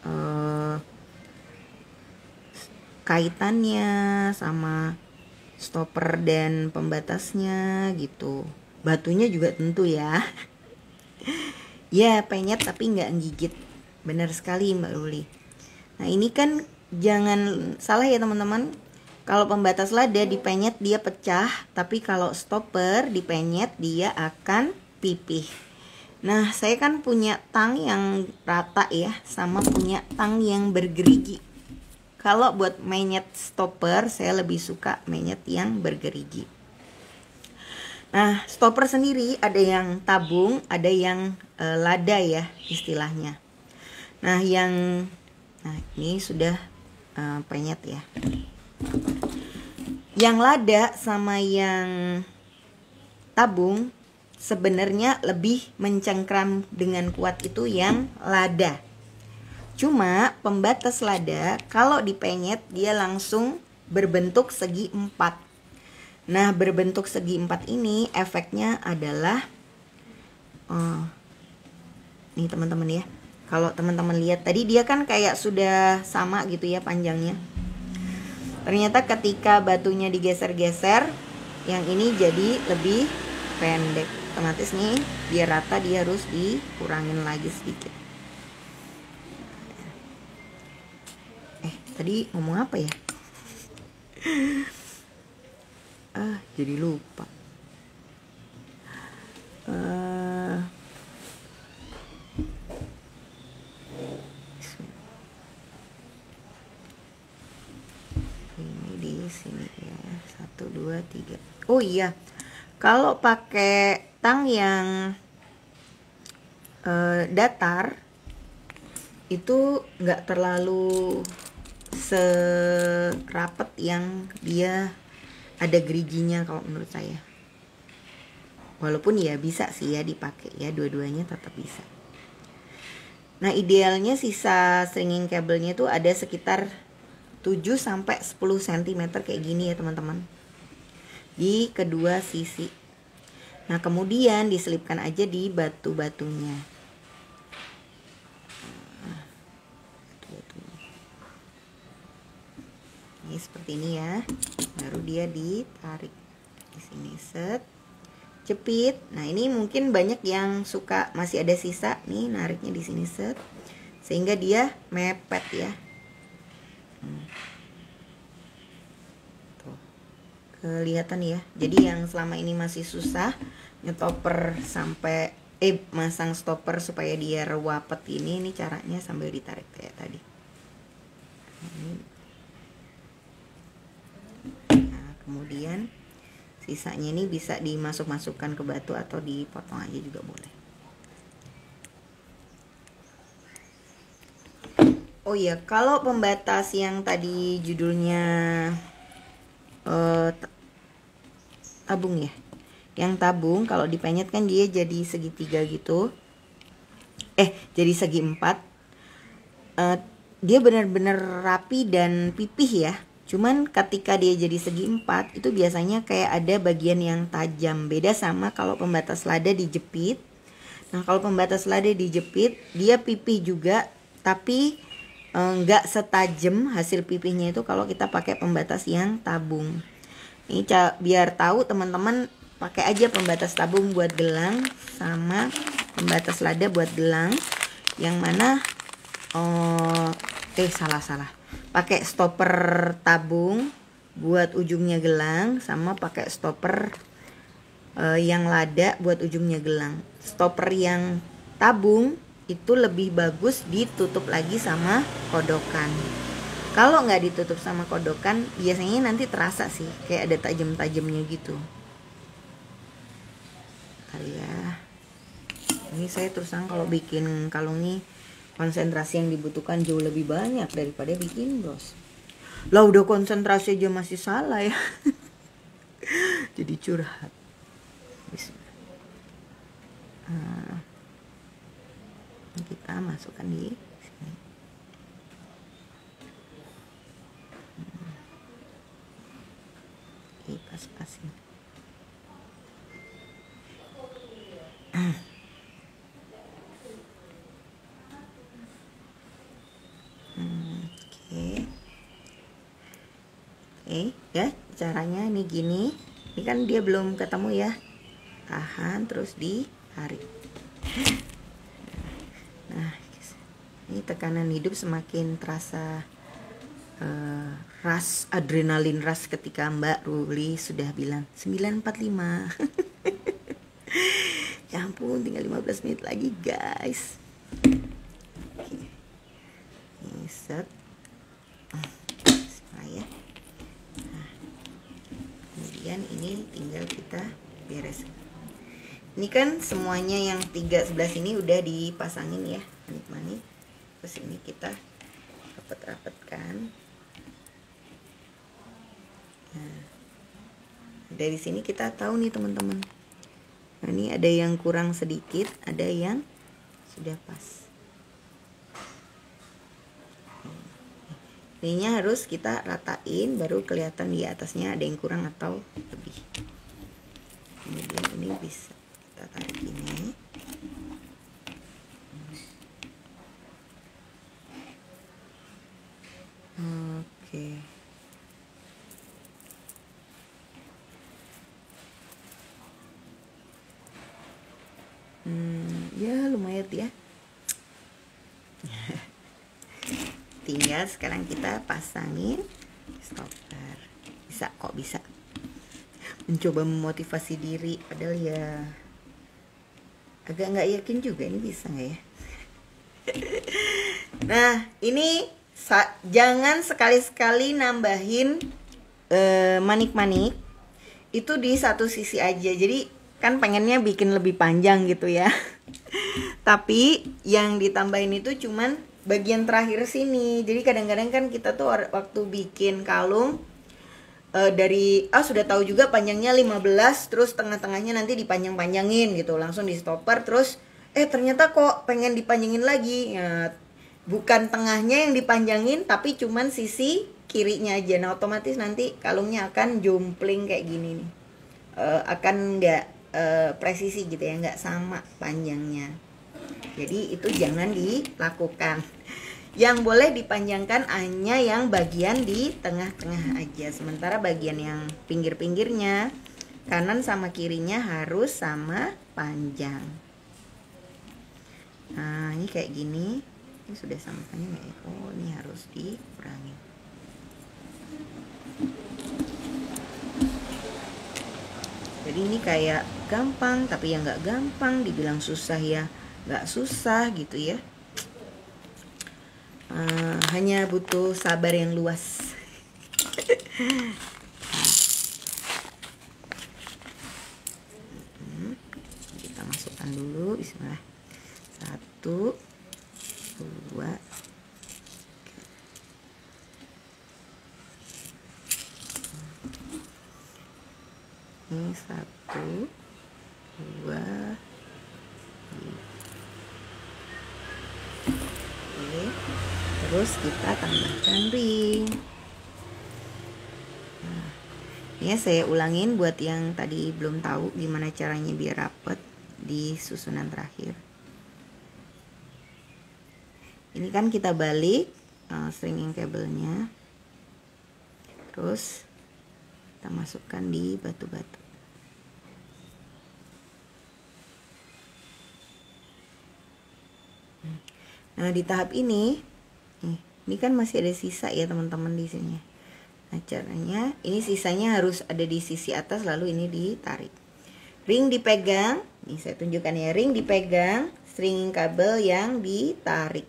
uh, kaitannya sama stopper dan pembatasnya gitu batunya juga tentu ya ya penyet tapi nggak gigit benar sekali mbak Ruli nah ini kan jangan salah ya teman-teman kalau pembatas lada dipenyet dia pecah tapi kalau stopper dipenyet dia akan pipih nah saya kan punya tang yang rata ya sama punya tang yang bergerigi kalau buat menyet stopper, saya lebih suka menyet yang bergerigi. Nah, stopper sendiri ada yang tabung, ada yang e, lada ya istilahnya. Nah, yang nah ini sudah e, penyet ya. Yang lada sama yang tabung sebenarnya lebih mencengkram dengan kuat itu yang lada Cuma pembatas lada kalau dipenyet dia langsung berbentuk segi empat. Nah, berbentuk segi empat ini efeknya adalah oh, nih teman-teman ya. Kalau teman-teman lihat tadi dia kan kayak sudah sama gitu ya panjangnya. Ternyata ketika batunya digeser-geser, yang ini jadi lebih pendek. Otomatis nih biar rata dia harus dikurangin lagi sedikit. tadi ngomong apa ya ah jadi lupa uh, ini di sini ya satu dua tiga oh iya kalau pakai tang yang uh, datar itu nggak terlalu serapet yang dia ada geriginya kalau menurut saya walaupun ya bisa sih ya dipakai ya dua-duanya tetap bisa nah idealnya sisa stringing kabelnya itu ada sekitar 7 sampai 10 cm kayak gini ya teman-teman di kedua sisi nah kemudian diselipkan aja di batu-batunya seperti ini ya baru dia ditarik di sini set jepit nah ini mungkin banyak yang suka masih ada sisa nih nariknya di sini set sehingga dia mepet ya hmm. tuh kelihatan ya jadi yang selama ini masih susah nyetoper sampai eh masang stopper supaya dia rewapet ini ini caranya sambil ditarik kayak tadi sisanya ini bisa dimasuk-masukkan ke batu atau dipotong aja juga boleh oh iya kalau pembatas yang tadi judulnya uh, tabung ya yang tabung kalau dipenyet kan dia jadi segitiga gitu eh jadi segi empat uh, dia benar-benar rapi dan pipih ya Cuman ketika dia jadi segi empat itu biasanya kayak ada bagian yang tajam. Beda sama kalau pembatas lada dijepit. Nah kalau pembatas lada dijepit dia pipih juga tapi eh, nggak eh, setajam hasil pipihnya itu kalau kita pakai pembatas yang tabung. Ini biar tahu teman-teman pakai aja pembatas tabung buat gelang sama pembatas lada buat gelang yang mana oh eh salah eh, salah pakai stopper tabung buat ujungnya gelang sama pakai stopper uh, eh, yang lada buat ujungnya gelang stopper yang tabung itu lebih bagus ditutup lagi sama kodokan kalau nggak ditutup sama kodokan biasanya nanti terasa sih kayak ada tajam-tajamnya gitu kali ya ini saya terusang kalau bikin kalung ini konsentrasi yang dibutuhkan jauh lebih banyak daripada bikin bros lah udah konsentrasi aja masih salah ya jadi curhat nah, kita masukkan di sini hmm. pas eh ya caranya ini gini ini kan dia belum ketemu ya tahan terus ditarik nah ini tekanan hidup semakin terasa uh, ras adrenalin ras ketika Mbak Ruli sudah bilang 945 ya ampun tinggal 15 menit lagi guys ini set nah, ya kemudian ini tinggal kita beres ini kan semuanya yang tiga sebelah sini udah dipasangin ya manik-manik terus ini kita rapet-rapetkan nah dari sini kita tahu nih teman-teman nah, ini ada yang kurang sedikit ada yang sudah pas Ini harus kita ratain baru kelihatan di atasnya ada yang kurang atau lebih kemudian ini bisa kita tarik ini oke hmm ya lumayan ya tinggal sekarang kita pasangin stopper bisa kok bisa mencoba memotivasi diri padahal ya agak nggak yakin juga ini bisa nggak ya nah ini jangan sekali-sekali nambahin eh, manik-manik uh, itu di satu sisi aja jadi kan pengennya bikin lebih panjang gitu ya tapi yang ditambahin itu cuman bagian terakhir sini jadi kadang-kadang kan kita tuh waktu bikin kalung uh, dari ah sudah tahu juga panjangnya 15 terus tengah-tengahnya nanti dipanjang-panjangin gitu langsung di stopper terus eh ternyata kok pengen dipanjangin lagi ya, bukan tengahnya yang dipanjangin tapi cuman sisi kirinya aja nah otomatis nanti kalungnya akan jumpling kayak gini nih uh, akan nggak uh, presisi gitu ya nggak sama panjangnya jadi itu jangan dilakukan. Yang boleh dipanjangkan hanya yang bagian di tengah-tengah aja. Sementara bagian yang pinggir-pinggirnya kanan sama kirinya harus sama panjang. Nah, ini kayak gini. Ini sudah sama panjang ya. Oh, ini harus dikurangi. Jadi ini kayak gampang tapi yang nggak gampang dibilang susah ya nggak susah gitu ya uh, hanya butuh sabar yang luas hmm, kita masukkan dulu Bismillah satu dua ini satu terus kita tambahkan ring nah, ya saya ulangin buat yang tadi belum tahu gimana caranya biar rapet di susunan terakhir ini kan kita balik uh, stringing kabelnya terus kita masukkan di batu-batu Nah, di tahap ini nih ini kan masih ada sisa ya teman-teman di sini nah caranya ini sisanya harus ada di sisi atas lalu ini ditarik ring dipegang ini saya tunjukkan ya ring dipegang stringing kabel yang ditarik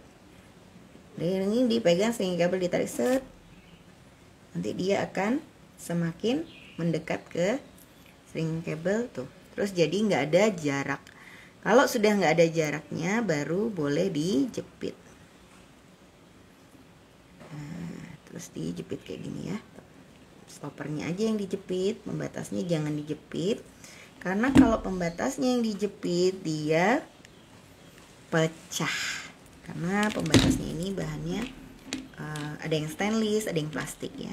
ring dipegang stringing kabel ditarik set nanti dia akan semakin mendekat ke string kabel tuh terus jadi nggak ada jarak kalau sudah nggak ada jaraknya baru boleh dijepit terus dijepit kayak gini ya stoppernya aja yang dijepit pembatasnya jangan dijepit karena kalau pembatasnya yang dijepit dia pecah karena pembatasnya ini bahannya uh, ada yang stainless ada yang plastik ya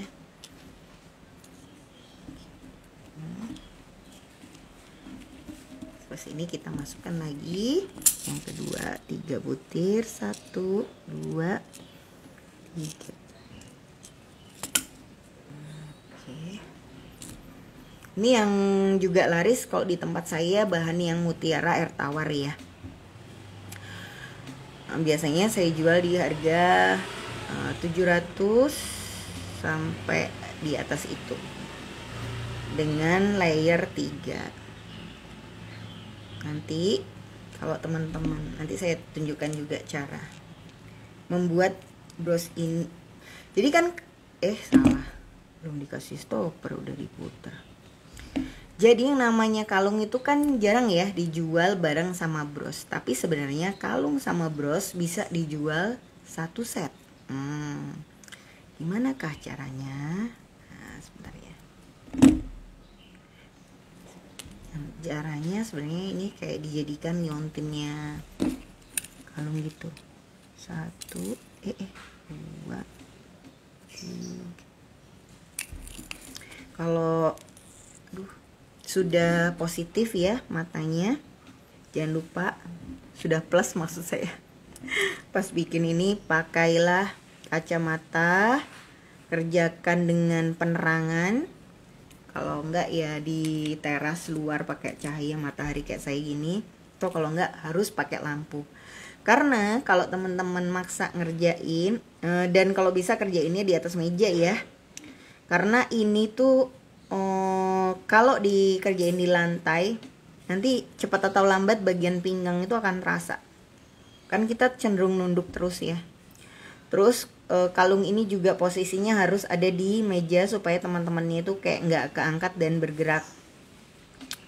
terus ini kita masukkan lagi yang kedua tiga butir satu dua tiga Ini yang juga laris kalau di tempat saya bahan yang mutiara air tawar ya. Nah, biasanya saya jual di harga 700 eh, sampai di atas itu. Dengan layer 3. Nanti kalau teman-teman, nanti saya tunjukkan juga cara membuat bros ini. Jadi kan eh salah. Belum dikasih stopper udah diputar. Jadi yang namanya kalung itu kan jarang ya dijual bareng sama bros. Tapi sebenarnya kalung sama bros bisa dijual satu set. Hmm. Gimana kah caranya? Nah, sebentar ya. Caranya sebenarnya ini kayak dijadikan liontinnya kalung gitu. Satu, eh, eh dua. tiga. Kalau sudah positif ya matanya jangan lupa sudah plus maksud saya pas bikin ini pakailah kacamata kerjakan dengan penerangan kalau enggak ya di teras luar pakai cahaya matahari kayak saya gini atau kalau enggak harus pakai lampu karena kalau teman-teman maksa ngerjain eh, dan kalau bisa kerjainnya di atas meja ya karena ini tuh oh, kalau dikerjain di lantai nanti cepat atau lambat bagian pinggang itu akan terasa kan kita cenderung nunduk terus ya terus eh, kalung ini juga posisinya harus ada di meja supaya teman-temannya itu kayak nggak keangkat dan bergerak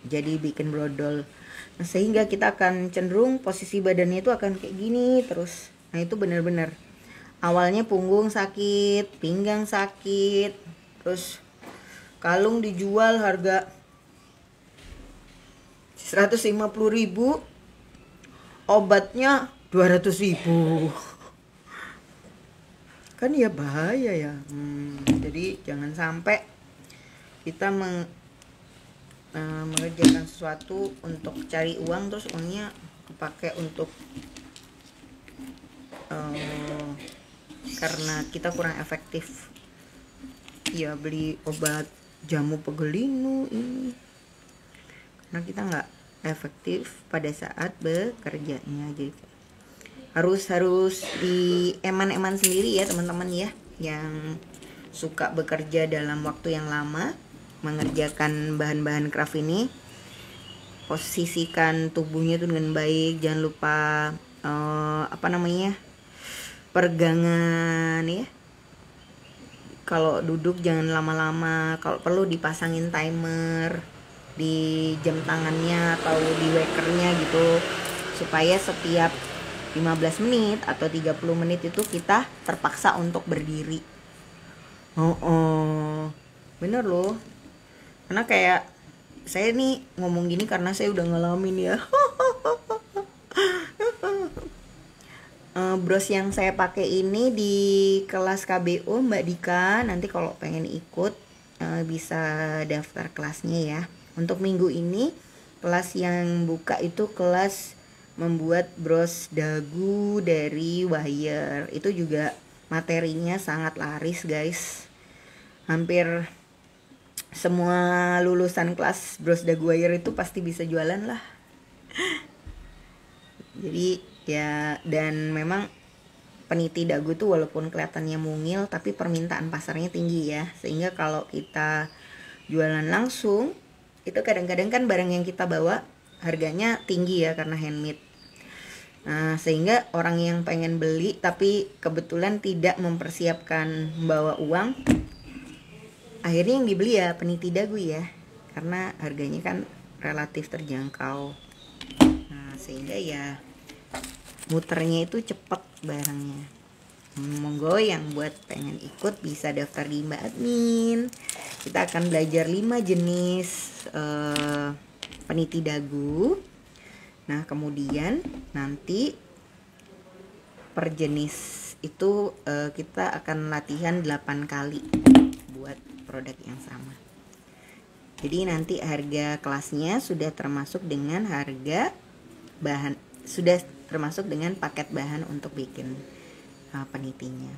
jadi bikin brodol nah, sehingga kita akan cenderung posisi badannya itu akan kayak gini terus nah itu benar-benar awalnya punggung sakit pinggang sakit terus kalung dijual harga 150 ribu obatnya 200.000 kan ya bahaya ya hmm, jadi jangan sampai kita meng, uh, mengerjakan sesuatu untuk cari uang terus uangnya kepake untuk uh, karena kita kurang efektif ya beli obat jamu pegelinu ini karena kita nggak efektif pada saat bekerjanya jadi harus harus di eman-eman sendiri ya teman-teman ya yang suka bekerja dalam waktu yang lama mengerjakan bahan-bahan craft ini posisikan tubuhnya tuh dengan baik jangan lupa uh, apa namanya pergangan ya kalau duduk jangan lama-lama kalau perlu dipasangin timer di jam tangannya atau di wakernya gitu supaya setiap 15 menit atau 30 menit itu kita terpaksa untuk berdiri oh, oh. bener loh karena kayak saya nih ngomong gini karena saya udah ngalamin ya uh, bros yang saya pakai ini di kelas KBO Mbak Dika. Nanti kalau pengen ikut uh, bisa daftar kelasnya ya. Untuk minggu ini kelas yang buka itu kelas membuat bros dagu dari wire. Itu juga materinya sangat laris, guys. Hampir semua lulusan kelas bros dagu wire itu pasti bisa jualan lah. Jadi ya dan memang peniti dagu itu walaupun kelihatannya mungil tapi permintaan pasarnya tinggi ya sehingga kalau kita jualan langsung itu kadang-kadang kan barang yang kita bawa harganya tinggi ya karena handmade Nah, sehingga orang yang pengen beli tapi kebetulan tidak mempersiapkan bawa uang akhirnya yang dibeli ya peniti dagu ya karena harganya kan relatif terjangkau nah sehingga ya muternya itu cepet barangnya monggo yang buat pengen ikut bisa daftar di Mbak Admin kita akan belajar 5 jenis uh, peniti dagu nah kemudian nanti per jenis itu uh, kita akan latihan 8 kali buat produk yang sama jadi nanti harga kelasnya sudah termasuk dengan harga bahan sudah termasuk dengan paket bahan untuk bikin uh, penitinya.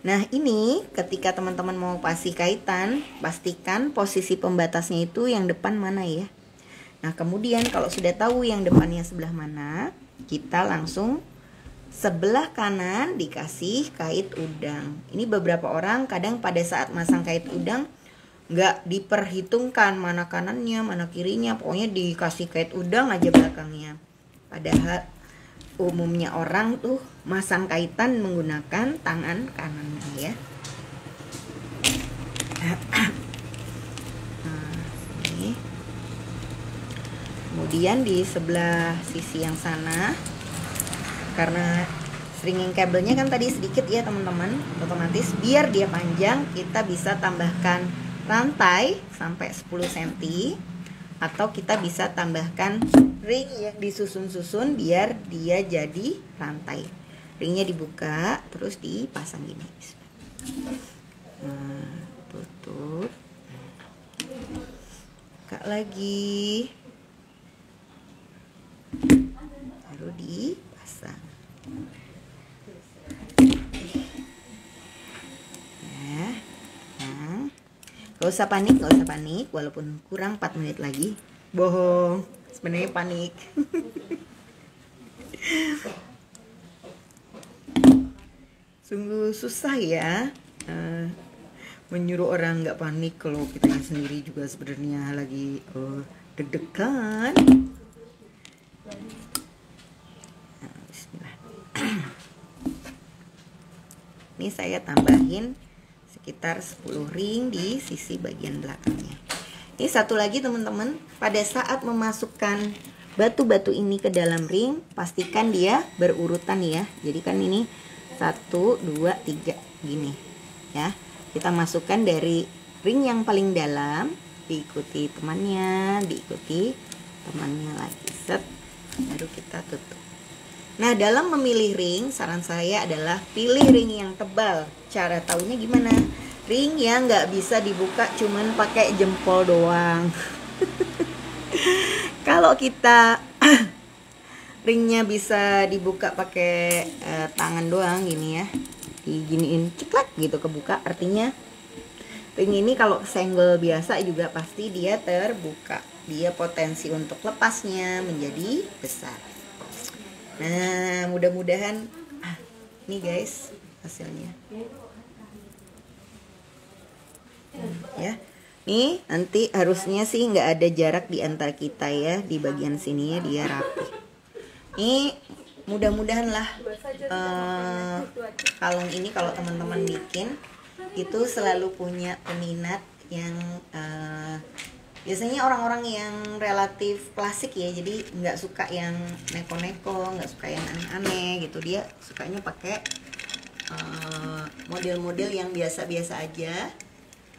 Nah, ini ketika teman-teman mau pasi kaitan, pastikan posisi pembatasnya itu yang depan mana ya. Nah, kemudian kalau sudah tahu yang depannya sebelah mana, kita langsung sebelah kanan dikasih kait udang. Ini beberapa orang kadang pada saat masang kait udang nggak diperhitungkan mana kanannya, mana kirinya, pokoknya dikasih kait udang aja belakangnya. Padahal umumnya orang tuh masang kaitan menggunakan tangan kanan ya nah, kemudian di sebelah sisi yang sana karena stringing kabelnya kan tadi sedikit ya teman-teman otomatis biar dia panjang kita bisa tambahkan rantai sampai 10 cm atau kita bisa tambahkan ring yang disusun-susun biar dia jadi rantai ringnya dibuka terus dipasang gini nah, tutup buka lagi baru dipasang Gak usah panik, gak usah panik. Walaupun kurang 4 menit lagi. Bohong. Sebenarnya panik. Sungguh susah ya. Uh, menyuruh orang gak panik kalau kita sendiri juga sebenarnya lagi uh, deg-degan. Nah, Ini saya tambahin sekitar 10 ring di sisi bagian belakangnya ini satu lagi teman-teman pada saat memasukkan batu-batu ini ke dalam ring pastikan dia berurutan ya jadi kan ini satu dua tiga gini ya kita masukkan dari ring yang paling dalam diikuti temannya diikuti temannya lagi set baru kita tutup Nah, dalam memilih ring, saran saya adalah pilih ring yang tebal. Cara tahunya gimana? Ring yang nggak bisa dibuka cuman pakai jempol doang. Kalau kita ringnya bisa dibuka pakai uh, tangan doang gini ya, diginiin ceklek gitu kebuka, artinya ring ini kalau senggol biasa juga pasti dia terbuka. Dia potensi untuk lepasnya menjadi besar nah mudah-mudahan ah, nih guys hasilnya hmm, ya nih nanti harusnya sih nggak ada jarak di antara kita ya di bagian sini ya dia rapi nih mudah-mudahan lah uh, kalung ini kalau teman-teman bikin itu selalu punya peminat yang uh, biasanya orang-orang yang relatif klasik ya jadi nggak suka yang neko-neko nggak suka yang aneh-aneh gitu dia sukanya pakai uh, model-model yang biasa-biasa aja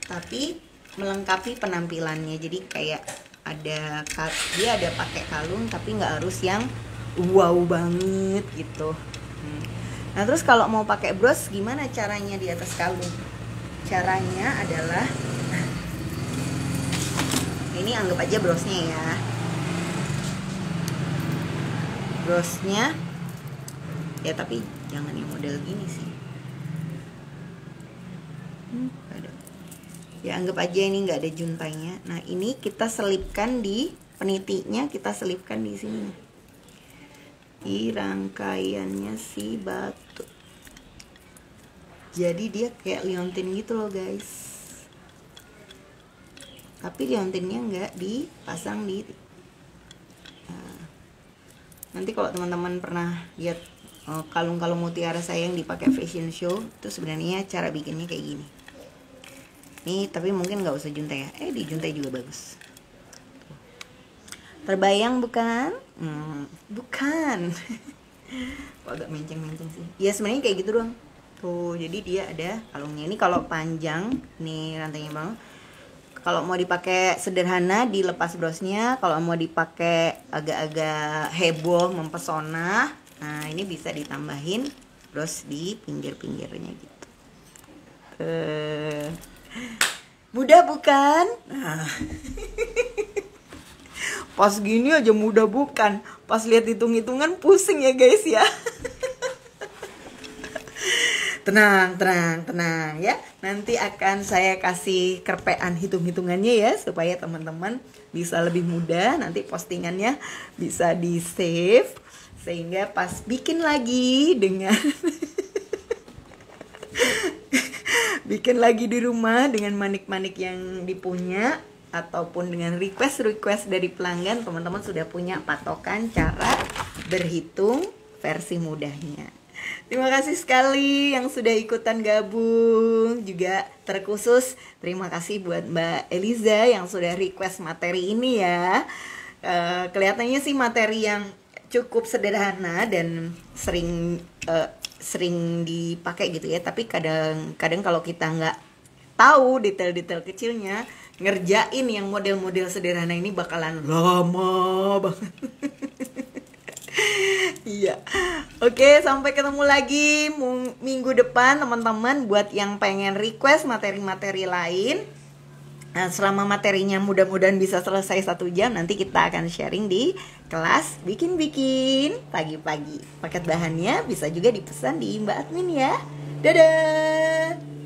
tapi melengkapi penampilannya jadi kayak ada dia ada pakai kalung tapi nggak harus yang wow banget gitu hmm. nah terus kalau mau pakai bros gimana caranya di atas kalung caranya adalah ini anggap aja brosnya ya brosnya ya tapi jangan yang model gini sih hmm, ada ya anggap aja ini nggak ada juntanya. nah ini kita selipkan di penitiknya kita selipkan di sini di rangkaiannya si batu jadi dia kayak liontin gitu loh guys tapi liontinnya nggak dipasang di nah, nanti kalau teman-teman pernah lihat eh, kalung-kalung mutiara saya yang dipakai fashion show itu sebenarnya cara bikinnya kayak gini nih tapi mungkin nggak usah juntai ya eh di juntai juga bagus terbayang bukan hmm, bukan kok agak menceng-menceng sih ya sebenarnya kayak gitu doang tuh jadi dia ada kalungnya ini kalau panjang nih rantainya banget kalau mau dipakai sederhana dilepas brosnya kalau mau dipakai agak-agak heboh mempesona nah ini bisa ditambahin bros di pinggir-pinggirnya gitu eh mudah bukan nah. pas gini aja mudah bukan pas lihat hitung-hitungan pusing ya guys ya tenang tenang tenang ya Nanti akan saya kasih kerpean hitung-hitungannya ya supaya teman-teman bisa lebih mudah. Nanti postingannya bisa di save sehingga pas bikin lagi dengan bikin lagi di rumah dengan manik-manik yang dipunya ataupun dengan request-request dari pelanggan teman-teman sudah punya patokan cara berhitung versi mudahnya. Terima kasih sekali yang sudah ikutan gabung juga terkhusus terima kasih buat Mbak Eliza yang sudah request materi ini ya. Uh, kelihatannya sih materi yang cukup sederhana dan sering uh, sering dipakai gitu ya. Tapi kadang-kadang kalau kita nggak tahu detail-detail kecilnya ngerjain yang model-model sederhana ini bakalan lama banget. Iya. Oke, sampai ketemu lagi minggu depan teman-teman buat yang pengen request materi-materi lain. Nah, selama materinya mudah-mudahan bisa selesai satu jam, nanti kita akan sharing di kelas bikin-bikin pagi-pagi. Paket bahannya bisa juga dipesan di Mbak Admin ya. Dadah!